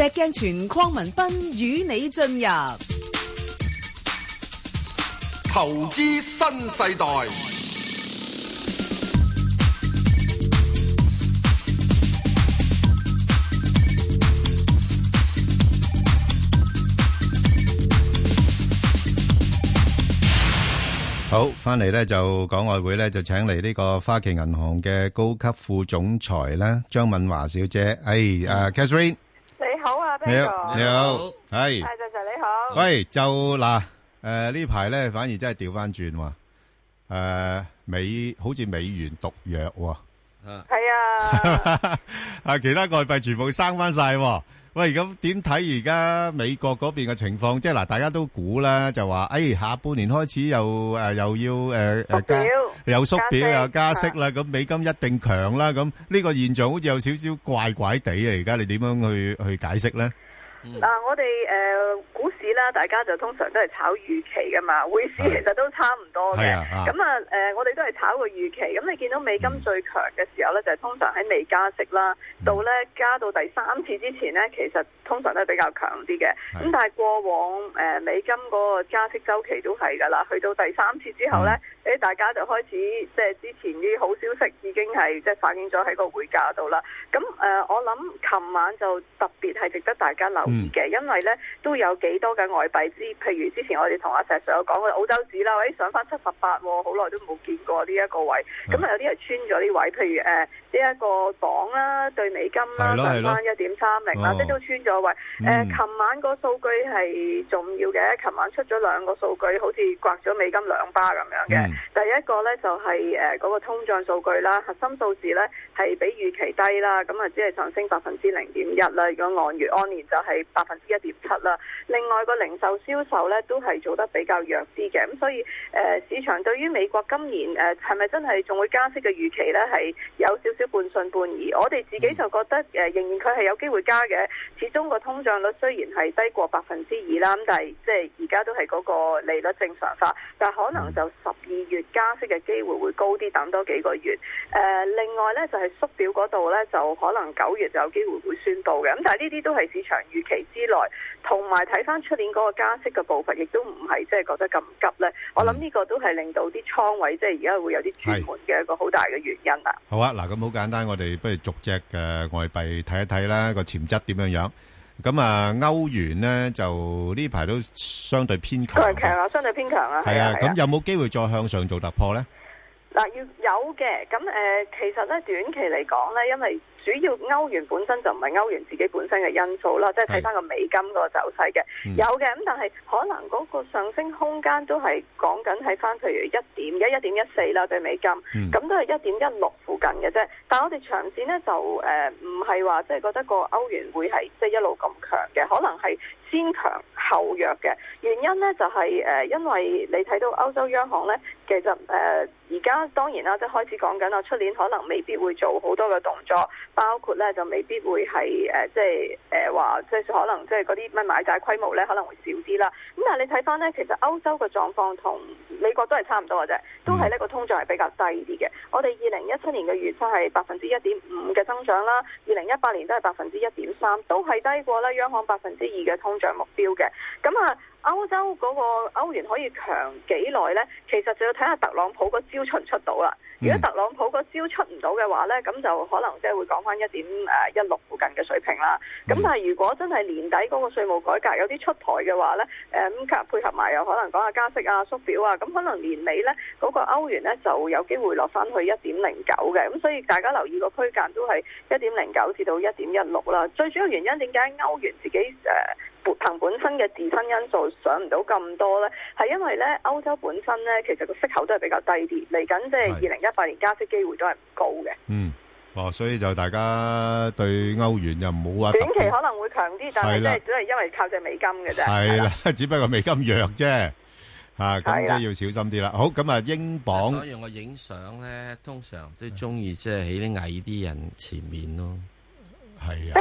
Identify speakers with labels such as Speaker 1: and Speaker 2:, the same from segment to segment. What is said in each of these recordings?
Speaker 1: 石鏡泉鄺文斌與你進入
Speaker 2: 投資新世代。
Speaker 1: 好翻嚟咧，就講外匯咧，就請嚟呢個花旗銀行嘅高級副總裁咧，張敏華小姐。誒，啊，Catherine。
Speaker 3: 好啊，你好，係，係，你
Speaker 1: 好，喂，就嗱，誒、呃、呢排咧反而真係調翻轉喎，誒、呃、美好似美元獨弱
Speaker 4: 喎，係、呃、
Speaker 1: 啊，啊 其他外幣全部升翻晒。喂，咁點睇而家美國嗰邊嘅情況？即係嗱，大家都估啦，就話，誒，下半年開始又誒又要誒加，
Speaker 3: 又縮表又
Speaker 1: 加息啦。咁美金一定強啦。咁呢個現象好似有少少怪怪地啊！而家你點樣去去解釋咧？
Speaker 3: 啊，我哋誒股。大家就通常都係炒預期噶嘛，匯市其實都差唔多嘅。咁啊，誒、呃，我哋都係炒個預期。咁你見到美金最強嘅時候呢，就係、是、通常喺未加息啦，到呢加到第三次之前呢，其實通常都係比較強啲嘅。咁但係過往、呃、美金個加息週期都係㗎啦，去到第三次之後呢，大家就開始即係之前啲好消息已經係即係反映咗喺個匯價度啦。咁誒、呃，我諗琴晚就特別係值得大家留意嘅、嗯，因為呢都有幾多嘅。外幣之，譬如之前我哋同阿石叔講嘅澳洲紙啦，咦上返七十八喎，好耐都冇見過呢一個位，咁啊有啲人穿咗呢位，譬如誒呢一個鎊啦對美金啦，上返一點三零啦，即、哦、都穿咗位。誒、嗯，琴、呃、晚個數據係重要嘅，琴晚出咗兩個數據，好似刮咗美金兩巴咁樣嘅。第一個咧就係誒嗰個通脹數據啦，核心數字咧係比預期低啦，咁啊只係上升百分之零點一啦，如果按月按年就係百分之一點七啦。另外、嗰個零售銷售咧都係做得比較弱啲嘅，咁所以誒、呃、市場對於美國今年誒係咪真係仲會加息嘅預期咧係有少少半信半疑。我哋自己就覺得誒、呃、仍然佢係有機會加嘅，始終個通脹率雖然係低過百分之二啦，咁但係即係而家都係嗰個利率正常化，但可能就十二月加息嘅機會會高啲，等多幾個月。誒、呃，另外咧就係、是、縮表嗰度咧就可能九月就有機會會宣布嘅，咁但係呢啲都係市場預期之內。同埋睇翻出年嗰個加息嘅步伐，亦都唔係即係覺得咁急呢。我諗呢個都係令到啲倉位即係而家會有啲轉換嘅一個好大嘅原因啦。
Speaker 1: 好啊，嗱，咁好簡單，我哋不如逐隻嘅外幣睇一睇啦，個潛質點樣樣。咁啊，歐元呢就呢排都相對偏強，係
Speaker 3: 啊，相對偏強啊。係啊，咁、啊、
Speaker 1: 有冇機會再向上做突破呢？
Speaker 3: 嗱，要有嘅。咁、呃、其實呢，短期嚟講呢，因為主要歐元本身就唔係歐元自己本身嘅因素啦，即係睇翻個美金個走勢嘅，有嘅咁，但係可能嗰個上升空間都係講緊喺翻，譬如一點一、一點一四啦，對美金，咁、嗯、都係一點一六附近嘅啫。但係我哋長線呢，就誒唔係話即係覺得個歐元會係即係一路咁強嘅，可能係先強後弱嘅原因呢，就係誒，因為你睇到歐洲央行呢，其實誒而家當然啦，即係開始講緊啦，出年可能未必會做好多嘅動作。包括咧就未必會係誒、呃，即係誒話，即係可能即係嗰啲咩買債規模咧可能會少啲啦。咁但係你睇返咧，其實歐洲嘅狀況同美國都係差唔多嘅啫，都係呢個通脹係比較低啲嘅。我哋二零一七年嘅預測係百分之一點五嘅增長啦，二零一八年都係百分之一點三，都係低過咧央行百分之二嘅通脹目標嘅。咁啊～歐洲嗰個歐元可以強幾耐呢？其實就要睇下特朗普個招出唔出到啦。如果特朗普個招出唔到嘅話呢，咁就可能即係會講翻一點誒一六附近嘅水平啦。咁但係如果真係年底嗰個稅務改革有啲出台嘅話呢，誒、呃、咁配合埋，有可能講下加息啊、縮表啊，咁可能年尾呢，嗰、嗰個歐元呢就有機會落翻去一點零九嘅。咁所以大家留意個區間都係一點零九至到一點一六啦。最主要原因點解歐元自己誒？呃恒本身嘅自身因素上唔到咁多咧，係因為咧歐洲本身咧，其實個息口都係比較低啲，嚟緊即係二零一八年加息機會都係唔高嘅。
Speaker 1: 嗯，哦，所以就大家對歐元又好話短期可
Speaker 3: 能會強啲，但係即係只係因為靠住美金嘅啫。係
Speaker 1: 啦，只不過美金弱啫，吓，咁、啊、都要小心啲啦。好，咁啊，英鎊。我用我影相咧，通常都中意即係喺啲矮啲人前面咯。.係
Speaker 3: 啊，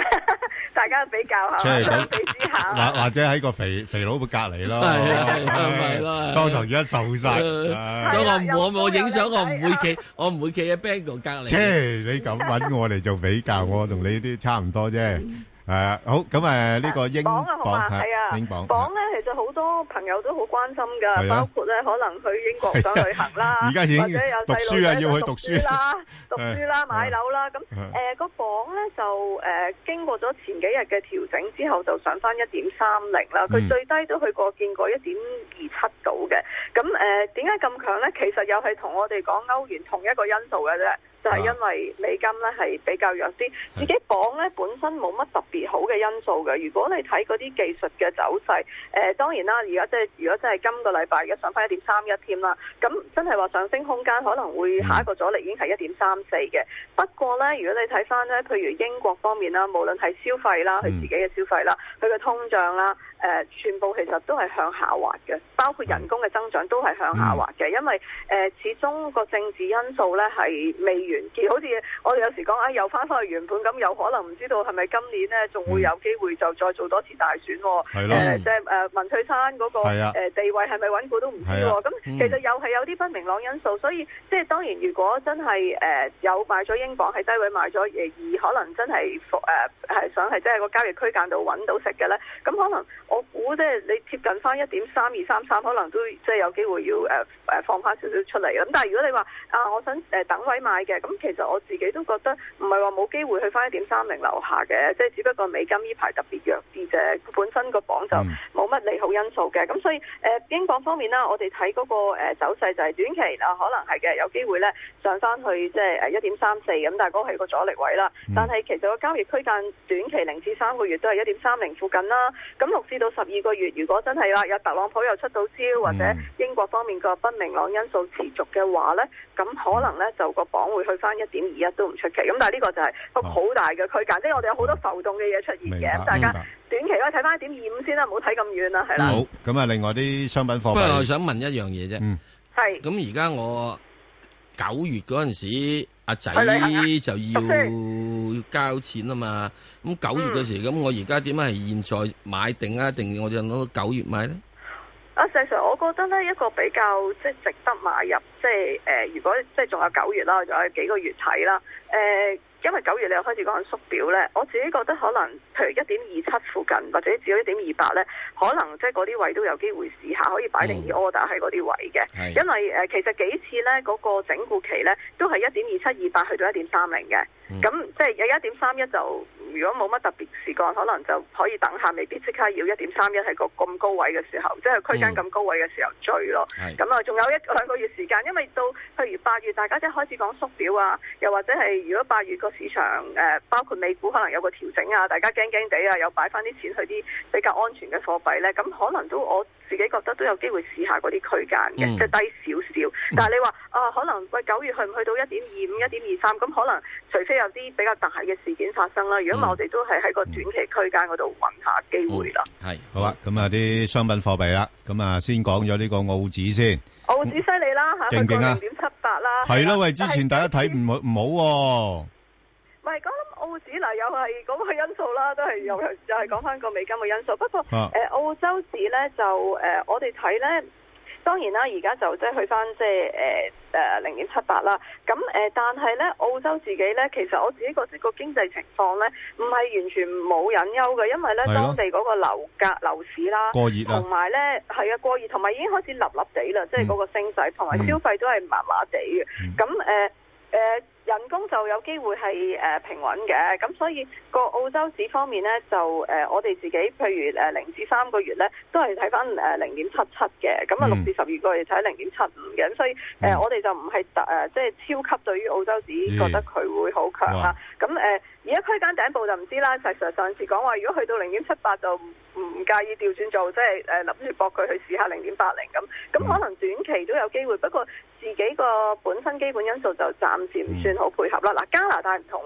Speaker 3: 大家比較下，相比之下，
Speaker 1: 或或者喺個肥肥佬嘅隔籬咯，當堂而家瘦晒，所以我我我影
Speaker 3: 相我唔會企，我唔會企喺 bando 隔籬。即係你咁揾我
Speaker 1: 嚟做比較，我同你啲差唔多啫。係、uh, 好咁誒，呢、這個英鎊，係啊，啊，啊，英鎊。英鎊
Speaker 3: 咧，其實好多朋友都好關心噶、啊，包括咧可能去英國想旅行啦，而、啊、或者有細路要去讀書啦，
Speaker 4: 讀書啦、啊，買
Speaker 3: 樓啦。咁誒個房咧就誒、呃、經過咗前幾日嘅調整之後，就上翻一點三零啦。佢、啊、最低都去過見過一點二七到嘅。咁誒，點解咁強咧？其實又係同我哋講歐元同一個因素嘅啫。就係、是、因為美金咧係比較弱啲，自己講咧本身冇乜特別好嘅因素嘅。如果你睇嗰啲技術嘅走勢，誒、呃、當然啦，而家即係如果真係今個禮拜而家上翻一點三一添啦，咁真係話上升空間可能會下一個阻力已經係一點三四嘅。不過咧，如果你睇翻咧，譬如英國方面啦，無論係消費啦，佢自己嘅消費啦，佢、嗯、嘅通脹啦，誒、呃、全部其實都係向下滑嘅，包括人工嘅增長都係向下滑嘅、嗯，因為誒、呃、始終個政治因素咧係未完結好似我哋有時講，啊又翻返去原盤咁，有可能唔知道係咪今年呢仲會有機會就再做多次大選，誒、嗯呃嗯、即係誒文翠山嗰個地位係咪穩固都唔知喎。咁、嗯嗯、其實又係有啲不明朗因素，所以即係當然，如果真係有買咗英鎊喺低位買咗嘢，而可能真係想係即係個交易區間度揾到食嘅咧，咁可能我估即係你貼近翻一點三二三三，可能都即係有機會要放翻少少出嚟。咁但係如果你話啊，我想等位買嘅。咁其實我自己都覺得唔係話冇機會去翻一點三零樓下嘅，即係只不過美金呢排特別弱啲啫，本身個鎊就冇乜利好因素嘅。咁所以誒、呃，英鎊方面啦，我哋睇嗰個走勢就係短期啊，可能係嘅，有機會咧上翻去即係一點三四咁，呃、4, 但係嗰個係個阻力位啦、嗯。但係其實個交易區間短期零至三個月都係一點三零附近啦。咁六至到十二個月，如果真係啦，有特朗普又出到招，或者英國方面個不明朗因素持續嘅話咧，咁可能咧就個鎊會。去翻一點二一都唔出奇，咁但係呢個就係幅好大嘅區間，啊、即係我哋有好多浮動嘅嘢出現嘅。大家短期可以睇翻一點二五先啦，唔好睇咁遠啦，係啦、嗯。好，
Speaker 1: 咁啊，另外啲商品貨幣。不過我想問一樣嘢啫。嗯。係。咁而家我九月嗰陣時，阿仔就要、啊、要交錢啊嘛。咁九月嗰時，咁、嗯、我而家點解係現在買定啊，定我就攞到九月買咧？
Speaker 3: 啊，事實我覺得呢一個比較即係值得買入，即係誒，如果即係仲有九月啦，仲有幾個月睇啦，誒、呃。因為九月你又開始講縮表呢，我自己覺得可能譬如一點二七附近或者只有一點二八呢，可能即係嗰啲位都有機會試下可以擺定啲 order 喺嗰啲位嘅、嗯，因為誒其實幾次呢嗰個整固期呢，都係一點二七二八去到一點三零嘅，咁、嗯、即係有一點三一就如果冇乜特別事幹，可能就可以等下，未必即刻要一點三一喺個咁高位嘅時候，即係區間咁高位嘅時候追咯。咁、嗯、啊，仲有一兩個月時間，因為到譬如八月大家即係開始講縮表啊，又或者係如果八月。市場誒、呃，包括美股可能有個調整啊，大家驚驚地啊，有擺翻啲錢去啲比較安全嘅貨幣咧，咁可能都我自己覺得都有機會試下嗰啲區間嘅，即係低少少。但係你話啊、呃，可能喂九月去唔去到一點二五、一點二三？咁可能除非有啲比較大嘅事件發生啦。如果唔係我哋都係喺個短期區間嗰度揾下機會
Speaker 1: 啦。係、嗯、好啦、啊，咁啊啲商品貨幣啦，咁啊先講咗呢個澳紙先。
Speaker 3: 澳紙犀利啦，吓、啊，去到零點七八啦。係啦、啊，喂，之前大家
Speaker 1: 睇唔好唔、啊、好。
Speaker 3: 唔係講澳紙嗱，又係嗰個因素啦，都係又又係講翻個美金嘅因素。不過誒、啊呃、澳洲紙咧就誒、呃，我哋睇咧，當然啦，而家就即係去翻即係誒誒零點七八啦。咁、呃、誒、呃呃，但係咧澳洲自己咧，其實我自己覺得個經濟情況咧，唔係完全冇隱憂嘅，因為咧、啊、當地嗰個樓價樓市啦過熱同埋咧係啊過熱，同埋已經開始立立地啦，即係嗰個升勢，同埋消費都係麻麻地嘅。咁誒誒。嗯人工就有機會係誒、呃、平穩嘅，咁所以個澳洲紙方面呢，就誒、呃、我哋自己，譬如誒零、呃、至三個月呢，都係睇返誒零點七七嘅，咁啊六至十二個月睇零點七五嘅，咁所以誒、呃嗯、我哋就唔係特誒即係超級對於澳洲紙覺得佢會好強啦，咁誒而家區間頂部就唔知啦，實、就、實、係、上次講話如果去到零點七八就唔介意調轉做，即係誒諗住搏佢去試下零點八零咁，咁、嗯、可能短期都有機會，不過自己個本身基本因素就暫時唔算、嗯。好配合啦，嗱加拿大唔同，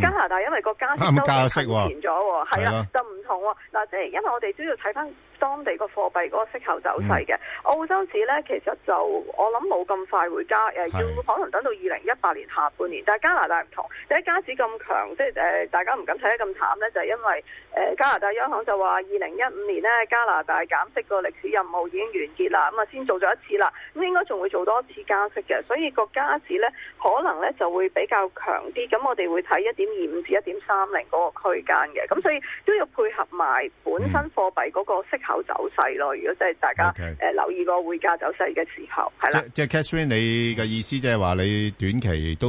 Speaker 3: 加拿大因為個加息延咗，係啦，就唔同，嗱即係因為我哋主要睇翻。當地個貨幣嗰個息口走勢嘅、嗯、澳洲紙呢，其實就我諗冇咁快會加、呃。要可能等到二零一八年下半年。但加拿大唔同，第一家加紙咁強，即、呃、大家唔敢睇得咁淡呢，就係、因為、呃、加拿大央行就話二零一五年呢，加拿大減息個歷史任務已經完結啦，咁啊先做咗一次啦，咁應該仲會做多一次加息嘅，所以個加紙呢，可能呢就會比較強啲。咁我哋會睇一點二五至一點三零嗰個區間嘅，咁所以都要配合埋本身貨幣嗰個息口走勢咯，如果真係大家誒留意個匯價
Speaker 1: 走勢嘅時候，係、okay. 啦。即係 Catherine 你嘅意思，即係話你短期都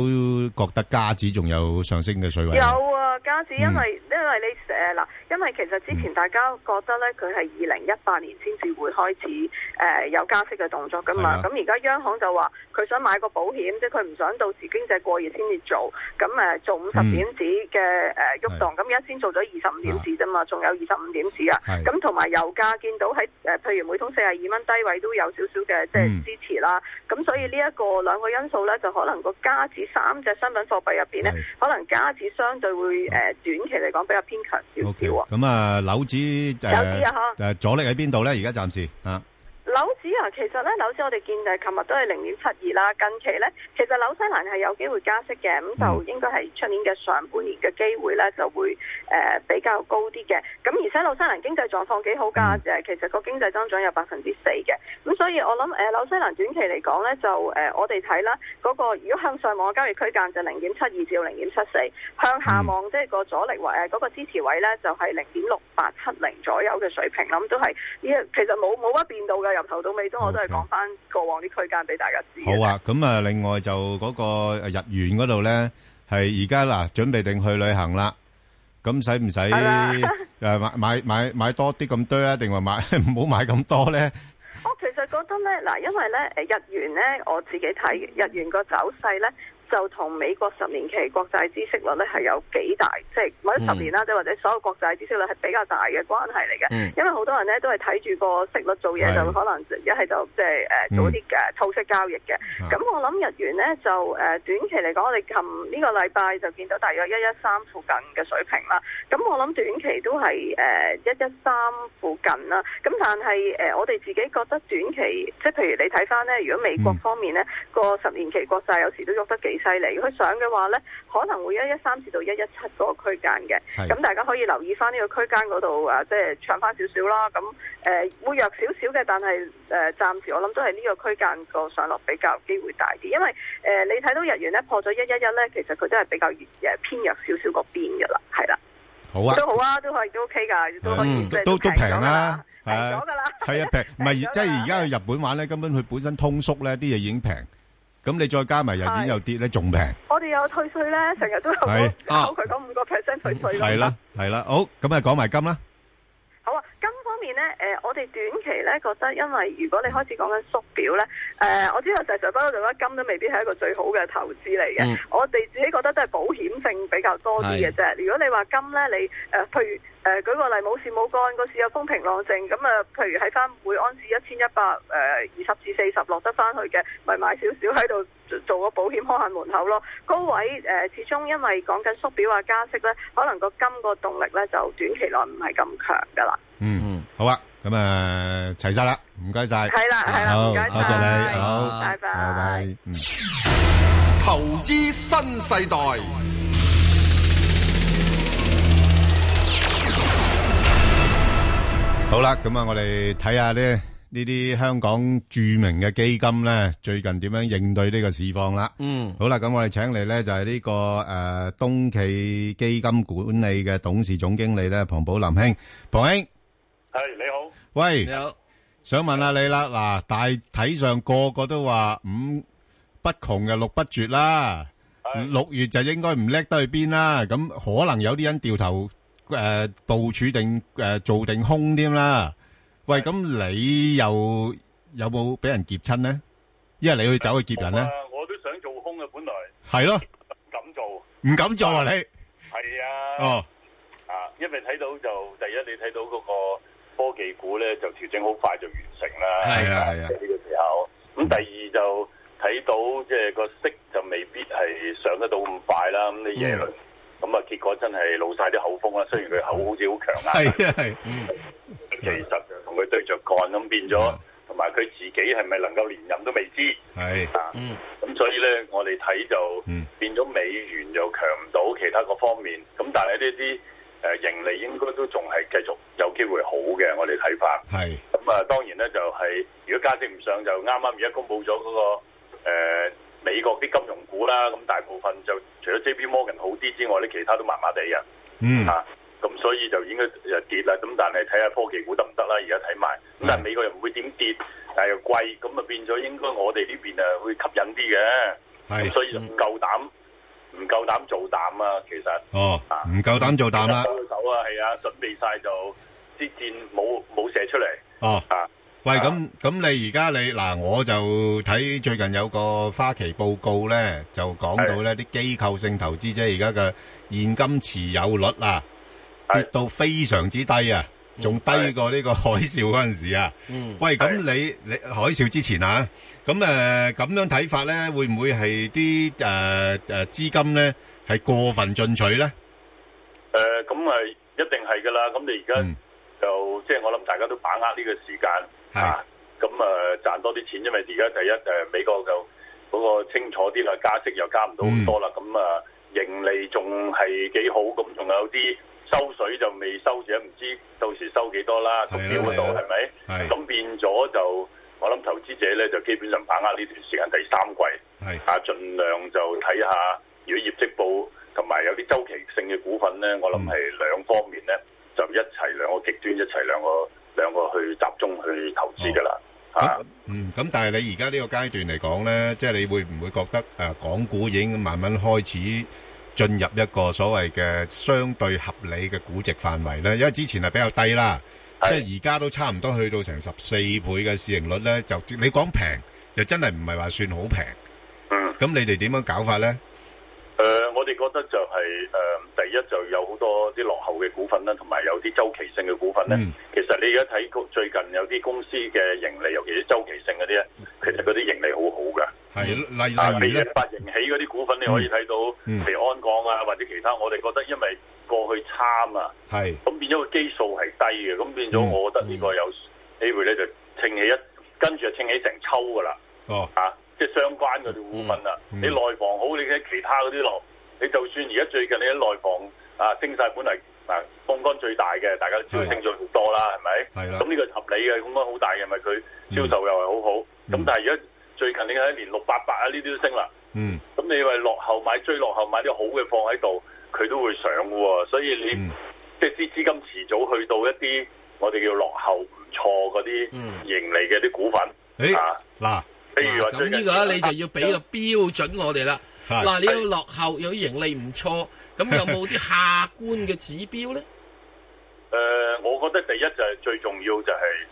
Speaker 1: 覺得加紙仲有上升嘅水位。有
Speaker 3: 啊加止、嗯，因為因為呢誒嗱，因為其實之前大家覺得咧，佢係二零一八年先至會開始誒、呃、有加息嘅動作噶嘛，咁而家央行就話佢想買個保險，即係佢唔想到時經濟過熱先至做，咁誒做五十點子嘅誒喐動，咁而家先做咗二十五點子咋嘛，仲有二十五點子啊，咁同埋油價見到喺誒、呃，譬如每桶四十二蚊低位都有少少嘅即係支持啦，咁所以呢一個兩個因素咧，就可能個加止三隻商品貨幣入邊咧，可能加止相對會。誒短期嚟講比
Speaker 1: 較偏強少少，okay，咁啊樓指誒阻力喺邊度咧？而家暫時啊。
Speaker 3: 紐子啊，其實咧紐子我哋見誒，琴日都係零點七二啦。近期咧，其實紐西蘭係有機會加息嘅，咁就應該係出年嘅上半年嘅機會咧，就會誒、呃、比較高啲嘅。咁而且紐西蘭經濟狀況幾好㗎，誒其實個經濟增長有百分之四嘅。咁所以我諗誒、呃、紐西蘭短期嚟講咧，就誒、呃、我哋睇啦嗰、那個如果向上望嘅交易區間就零點七二至零點七四，向下望即係個阻力位啊嗰、那個支持位咧就係零點六八七零左右嘅水平啦。咁都係依其實冇冇乜變到嘅。由頭到尾都我都係講翻過往啲區間俾大
Speaker 1: 家知。好啊，咁啊，另外就嗰個日元嗰度咧，係而家嗱準備定去旅行啦，咁使唔使誒買買買買多啲咁多啊？定話買唔好買咁多咧？
Speaker 3: 我其實覺得咧，嗱，因為咧誒日元咧，我自己睇日元個走勢咧，就同美國十年期國債孳息率咧係有幾大，即係或者十年啦，即、嗯、或者所有國債孳息率係比較大嘅關係嚟嘅、嗯。因為好多人咧都係睇住個息率做嘢，就可能、就是呃、一係就即係誒做啲嘅套息交易嘅。咁、嗯、我諗日元咧就短期嚟講，我哋近呢個禮拜就見到大約一一三附近嘅水平啦。咁我諗短期都係一一三附近啦。咁但係、呃、我哋自己覺得短期，即、就、係、是、譬如你睇翻咧，如果美國方面咧個十年期國債有時都喐得幾犀利，佢上嘅話咧，可能會一一三至到一一七嗰個區間嘅。咁大家可以留意翻呢個區間嗰度啊，即係唱翻少少啦。咁誒、呃，會弱少少嘅，但係誒，呃、暫時我諗都係呢個區間個上落比較機會大啲。因為誒、呃，你睇到日元咧破咗一一一咧，其實佢都係比較偏弱少少個邊噶啦，係啦。
Speaker 4: 好啊，都好啊，
Speaker 3: 都可以都 OK 噶，都可以都平咗啦，平噶
Speaker 1: 啦，係平，唔係即係而家去日本玩咧，根本佢本身通縮咧，啲嘢已經平。咁你再加埋日元又跌咧，仲平。
Speaker 3: 我哋有退稅咧，成日都有扣佢講五個 percent 退稅啦。
Speaker 1: 係啦，係啦，好，咁啊講埋金啦。
Speaker 3: 咧、呃，我哋短期咧覺得，因為如果你開始講緊縮表咧，誒、呃呃，我知道成日都講到金都未必係一個最好嘅投資嚟嘅、嗯，我哋自己覺得都係保險性比較多啲嘅啫。如果你話金咧，你誒，譬如誒，舉個例冇事冇幹，個市又風平浪靜，咁啊、呃，譬如喺翻每安士一千一百誒二十至四十落得翻去嘅，咪買少少喺度做個保險開下門口咯。高位誒、呃，始終因為講緊縮表啊加息咧，可能個金個動力咧就短期內唔係咁強噶啦。嗯嗯。
Speaker 1: 好啊，咁啊，齊晒啦，
Speaker 2: 唔該晒，
Speaker 3: 係啦係啦，好，多謝你，好，拜拜，拜拜。
Speaker 2: 投資新世代
Speaker 1: 好啦，咁啊，我哋睇下咧呢啲香港著名嘅基金咧，最近點樣應對呢個市況啦？嗯，好啦，咁我哋請嚟咧就係呢個誒東驥基金管理嘅董事總經理咧龐寶林兄，龐兄。係你好，喂，你好，想問下你啦。嗱，大體上個個都話五不窮嘅六不絕啦，六月就應該唔叻得去邊啦。咁可能有啲人掉頭誒部署定誒做定空添啦。喂，咁你又有冇俾人劫親咧？因為你去走去劫人咧，我都想做空呀，本來係咯，唔敢做，唔敢做啊！你係啊，哦，啊，
Speaker 2: 因為睇到就第一，你睇到嗰個。地股咧就調整好快就完成啦。係啊係啊呢個時候。咁第二就睇到即係、就是、個息就未必係上得到咁快啦。咁啲耶倫咁啊，mm-hmm. 結果真係露晒啲口風啦。雖然佢口好似好強硬，係、mm-hmm. 係，其實就同佢對着幹，咁變咗，同埋佢自己係咪能夠連任都未知係、mm-hmm. 啊。咁所以咧，我哋睇就變咗美元又強唔到其他個方面。咁但係呢啲誒，盈利應該都仲係繼續有機會好嘅，我哋睇法。係咁啊，當然咧就係、是，如果加息唔上就啱啱而家公布咗嗰、那個、呃、美國啲金融股啦，咁大部分就除咗 J P Morgan 好啲之外咧，其他都麻麻地嘅。嗯。嚇、啊，咁所以就應該又跌啦。咁但係睇下科技股得唔得啦？而家睇埋。咁但係美國又唔會點跌，但係又貴，咁啊變咗應該我哋呢邊啊會吸引啲嘅。咁所以就唔夠膽、嗯。唔夠膽做膽啊！其實哦，唔夠膽做膽啦、啊，啊嗯、手啊，係啊，準備晒就支箭冇冇射出嚟哦啊！
Speaker 1: 喂，咁咁、啊、你而家你嗱，我就睇最近有個花旗報告咧，就講到咧啲機構性投資者而家嘅現金持有率啊，跌到非常之低啊！仲低過呢個海嘯嗰陣時啊！嗯，喂，咁你你海嘯之前啊，咁誒咁樣睇法咧，會唔會係啲誒誒資金咧係過分進取咧？
Speaker 2: 誒，咁誒一定係噶啦。咁你而家就即係我諗，大家都把握呢個時間，係啊，咁誒賺多啲錢，因為而家第一誒美國就嗰個清楚啲啦，加息又加唔到好多啦，咁啊盈利仲係幾好，咁仲有啲。收水就未收住，唔知到時收幾多啦。咁標嗰度係咪？咁變咗就，我諗投資者咧就基本上把握呢段時間第三季。係啊，盡量就睇下，如果業績報同埋有啲周期性嘅股份咧，我諗係兩方面咧，就一齊，嗯、兩個極端，一齊兩個兩個去集中去投資㗎啦。哦。嗯，
Speaker 1: 咁但係你而家呢個階段嚟講咧，即係你會唔會覺得誒港股已經慢慢開始？進入一個所謂嘅相對合理嘅估值範圍咧，因為之前係比較低啦，即係而家都差唔多去到成十四倍嘅市盈率咧，就你講平就真係唔係話算好平。嗯，咁你哋點樣搞法咧？
Speaker 2: 誒、呃，我哋覺得就係、是、誒、呃，第一就有好多啲落後嘅股份啦，同埋有啲周期性嘅股份咧、嗯。其實你而家睇最近有啲公司嘅盈利，尤其是周期性嗰啲咧，其實嗰啲盈利很好好㗎。係、嗯嗯，例如你發盈喜嗰啲股份、嗯，你可以睇到，譬、嗯、如啲其他，我哋覺得因為過去差嘛，係咁變咗個基數係低嘅，咁變咗我覺得呢個有機會咧就稱起，一跟住就稱起成抽噶啦，哦啊，即係相關嗰啲股份啦。你內房好，你睇其他嗰啲落，你就算而家最近你喺內房啊，升晒，本嚟啊，貢幹最大嘅，大家追升咗好多啦，係咪？係啦。咁呢個合理嘅貢幹好大嘅，咪佢銷售又係好好。咁、嗯嗯、但係而家最近你睇連六八八啊，呢啲都升啦。嗯。咁你話落？買追落後，買啲好嘅貨喺度，佢都會上嘅，所以你、嗯、即係啲資金遲早去到一啲我哋叫落後唔錯嗰啲盈利嘅啲股份。誒、嗯、嗱、啊、譬、嗯啊啊啊啊、如話咁呢個咧，你就要俾個標準我哋啦。嗱、啊啊，你要落
Speaker 1: 後有盈利唔錯，咁有冇啲客觀嘅指標
Speaker 2: 咧？誒、 呃，我覺得第一就係、是、最重要就係、是、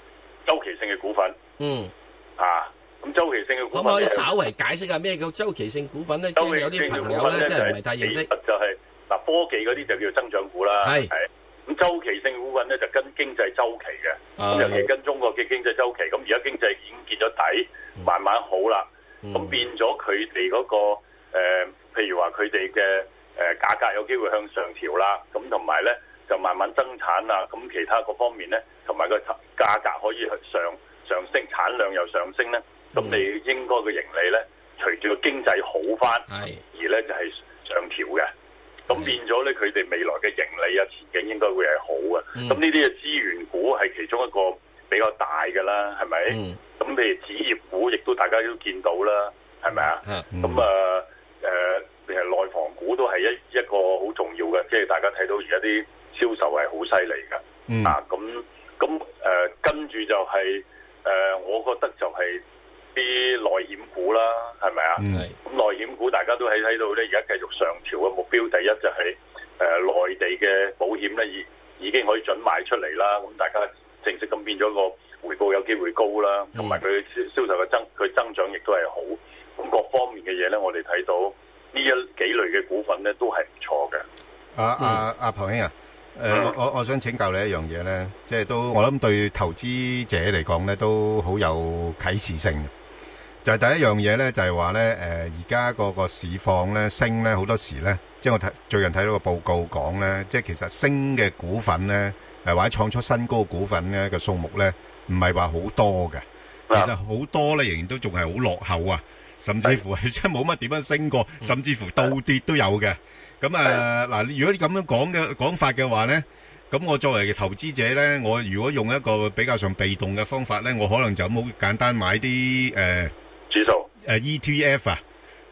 Speaker 2: 周期性嘅股份。嗯、吓、啊。咁周期性嘅股份，可唔可以稍為解釋下咩叫周期性股份咧？即係有啲朋友咧，即係唔係太認識。就係、是、嗱、就係，科技嗰啲就叫增長股啦。係係。咁周期性的股份咧，就跟經濟周期嘅，尤其跟中國嘅經濟周期。咁而家經濟已經見咗底、嗯、慢慢好啦。咁變咗佢哋嗰個、呃、譬如話佢哋嘅誒價格有機會向上調啦。咁同埋咧，就慢慢增產啦。咁其他各方面咧，同埋個價格可以上上升，產量又上升咧。咁、嗯、你應該嘅盈利咧，隨住個經濟好返，而咧就係、是、上調嘅。咁變咗咧，佢哋未來嘅盈利啊前景應該會係好嘅。咁呢啲嘅資源股係其中一個比較大嘅啦，係咪？咁、嗯、譬如紙業股，亦都大家都見到啦，係咪啊？咁、嗯、啊，誒，其實內房股都係一一個好重要嘅，即、就、係、是、大家睇到而家啲銷售係好犀利嘅。啊，咁咁誒，跟住就係、是、誒、呃，我覺得就係、是。啲內險股啦，係咪啊？咁內險股大家都喺睇到咧，而家繼續上調嘅目標。第一就係、是、誒、呃、內地嘅保險咧，已已經可以準賣出嚟啦。咁大家正式咁變咗個回報有機會高啦，同埋佢銷售嘅增佢增長亦都係好。咁各方面嘅嘢咧，我哋睇到呢一幾類嘅股份咧，都係唔錯嘅。
Speaker 1: 阿阿阿龐兄啊，誒、呃嗯、我我想請教你一樣嘢咧，即、就、係、是、都我諗對投資者嚟講咧，都好有啟示性嘅。就係第一樣嘢咧，就係話咧，誒，而家個個市況咧升咧，好多時咧，即係我睇最近睇到個報告講咧，即係其實升嘅股份咧，誒或者創出新高嘅股份咧嘅數目咧，唔係話好多嘅，其實好多咧仍然都仲係好落後啊，甚至乎係真係冇乜點樣升過，甚至乎倒跌都有嘅。咁啊嗱，如果你咁樣講嘅講法嘅話咧，咁我作為嘅投資者咧，我如果用一個比較上被動嘅方法咧，我可能就好簡單買啲誒。指數誒，ETF 啊，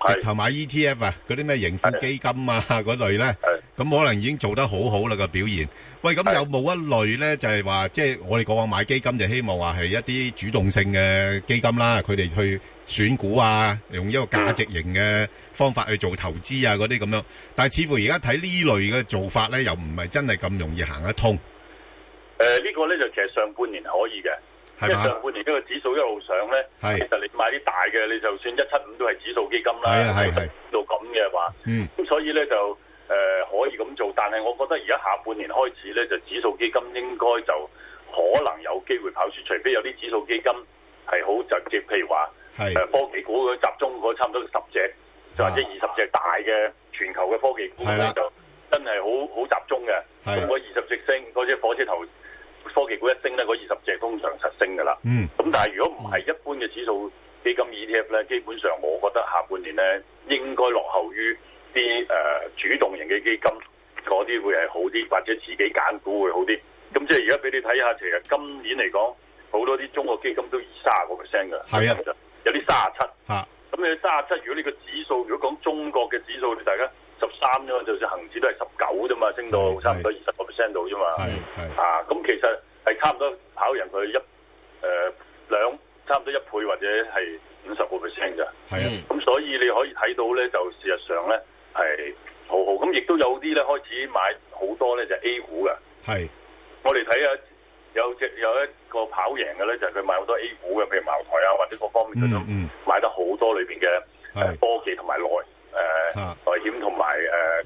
Speaker 1: 直頭買 ETF 啊，嗰啲咩盈富基金啊，嗰類咧，咁可能已經做得好好啦個表現。喂，咁有冇一類咧，就係話即係我哋過往買基金就希望話係一啲主動性嘅基金啦，佢哋去選股啊，用一個價值型嘅方法去做投資啊，嗰啲咁樣。但係似乎而家睇呢類嘅做法咧，又唔係真係咁容易行得通。
Speaker 2: 誒，呢個咧就其實上半年可以嘅。即係上半年，呢個指數一路上咧，其實你買啲大嘅，你就算一七五都係指數基金啦，到咁嘅話，咁、嗯、所以咧就誒、呃、可以咁做，但係我覺得而家下半年開始咧，就指數基金應該就可能有機會跑輸，除非有啲指數基金係好直接，譬如話誒、啊呃、科技股嘅集中個差唔多十隻是、啊，或者二十隻大嘅全球嘅科技股咧，啊、就真係好好集中嘅，咁嗰二十隻升嗰隻火車頭。科技股一升咧，嗰二十隻通常實升噶啦。嗯，咁但係如果唔係一般嘅指數基金 ETF 咧，基本上我覺得下半年咧應該落後於啲誒主動型嘅基金，嗰啲會係好啲，或者自己揀股會好啲。咁即係而家俾你睇下，其實今年嚟講，好多啲中國基金都二卅個 percent 㗎，係啊，有啲卅七。嚇！咁你卅七，如果你個指數，如果講中國嘅指數，你大家。十三啫嘛，就算恒指都係十九啫嘛，升到差唔多二十個 percent 度啫嘛。係係啊，咁其實係差唔多跑贏佢一誒、呃、兩，差唔多一倍或者係五十個 percent 咋。係啊，咁所以你可以睇到咧，就事實上咧係好好。咁亦都有啲咧開始買好多咧就係、A 股嘅。係，我哋睇下有隻有一個跑贏嘅咧，就係、係、佢買好多 A 股嘅，譬如茅台啊，或者各方面嗰種買得好多裏面嘅誒科技同埋內。誒、呃、財、啊、險同埋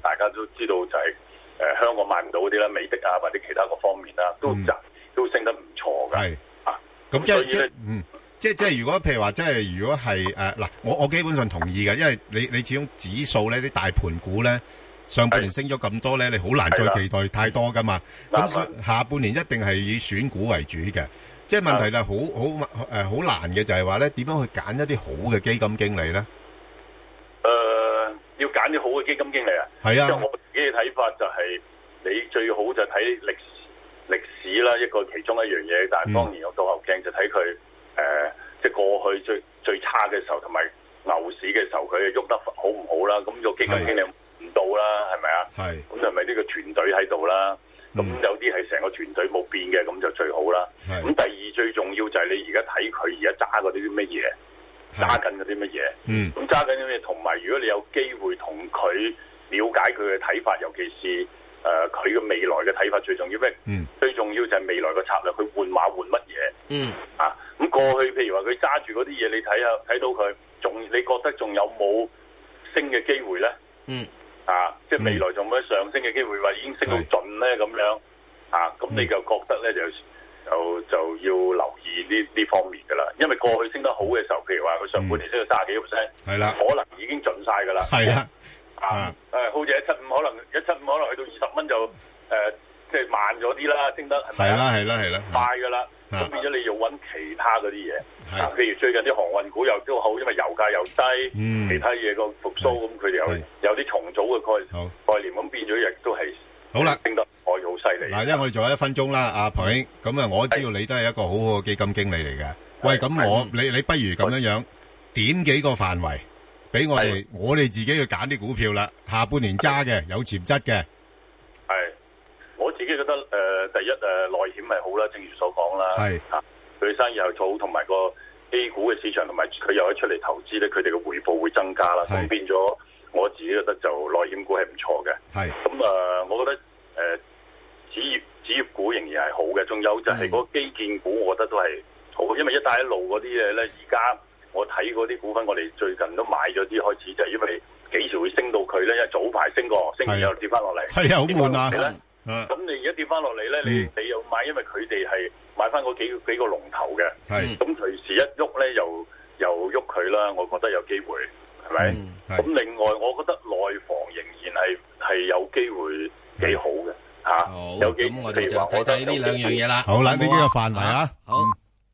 Speaker 2: 誒，大家都知道就係、是、誒、呃、香港買唔到嗰啲啦，美的啊或者其他各方面啦，都賺、嗯，都升得唔錯嘅。係啊，
Speaker 4: 咁即即
Speaker 2: 嗯，
Speaker 1: 即即、啊、如果譬如話，即係如果係誒嗱，我我基本上同意嘅，因為你你始終指數咧，啲大盤股咧，上半年升咗咁多咧，你好難再期待太多噶嘛。咁下半年一定係以選股為主嘅。即問題咧，好好誒好難嘅就係話咧，點樣去揀一啲好嘅基金經理咧？
Speaker 2: 啲好嘅基金經理係啊，即係我自己嘅睇法就係、係，你最好就睇歷、歷史啦，一個其中一樣嘢，但係當然有倒後鏡就睇佢即係過去最最差嘅時候同埋牛市嘅時候，佢喐得好唔好啦？咁個基金經理唔到啦，係咪啊？係，咁、啊、就咪呢個團隊喺度啦。咁、嗯、有啲係成個團隊冇變嘅，咁就最好啦。咁、啊、第二、啊、最重要就係你而家睇佢而家揸嗰啲乜嘢。揸緊嗰啲乜嘢？嗯，咁揸緊啲咩？同埋如果你有機會同佢了解佢嘅睇法，尤其是呃、佢嘅未來嘅睇法最重要咩？嗯，最重要就係未來嘅策略，佢換馬換乜嘢？
Speaker 4: 嗯，
Speaker 2: 啊，咁過去譬如話佢揸住嗰啲嘢，你睇下睇到佢，仲你覺得仲有冇升嘅機會咧？嗯，啊，即係未來仲有冇上升嘅機會？話、嗯、已經升到盡咧咁樣，啊，咁你就覺得咧就？就就要留意呢呢方面噶啦，因為過去升得好嘅時候，譬如話佢上半年升到卅幾 percent，係啦，可能已經盡曬噶啦。係啊，啊好似一七五，可能一七五可能去到二十蚊就即係、呃即係、慢咗啲啦，升得係咪係啦係啦係啦，快噶啦，咁變咗你要搵其他嗰啲嘢，譬如最近啲航運股又都好，因為油價又低，嗯、其他嘢個復甦咁，佢哋有有啲重組嘅概念。概念，咁變咗亦都係。好啦，升得，我好犀利。嗱，
Speaker 1: 因為我哋仲有一分鐘啦，阿彭兄，咁啊，我知道你都係一個好好嘅基金經理嚟嘅。喂，咁我你你不如咁樣樣，點幾個範圍俾我哋，我哋自己去揀啲股票啦。下半年揸嘅，有潛質嘅。
Speaker 2: 係，我自己覺得誒、呃，第一誒、呃、內險係好啦，正如所講啦。係啊，佢生意又好，同埋個 A 股嘅市場，同埋佢又可以出嚟投資咧，佢哋嘅回報會增加啦。係變咗。我自己覺得就內險股係唔錯嘅，係咁啊、嗯呃！我覺得誒，紙、呃、業紙業股仍然係好嘅，仲有就係嗰個基建股，我覺得都係好，因為一帶一路嗰啲嘢咧，而家我睇嗰啲股份，我哋最近都買咗啲開始，就係、是、因為幾時會升到佢咧？因為早排升過升完又跌翻落嚟，係啊，好悶啊！咁、嗯、你而家跌翻落嚟咧，你你又買，因為佢哋係買翻嗰幾，幾個龍頭龍頭嘅，咁隨、嗯、時一喐咧，又又喐佢啦，我覺得有機會。係咪？咁、嗯、另外，我覺得內房仍然係係有機會幾好嘅嚇、嗯啊，有幾譬如話，我哋就睇睇呢兩樣嘢啦。好啦，呢啲嘅
Speaker 4: 範圍啊。好。